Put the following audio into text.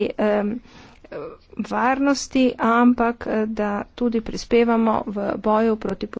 um, varnosti, ampak eh, da tudi prispevamo v boju proti.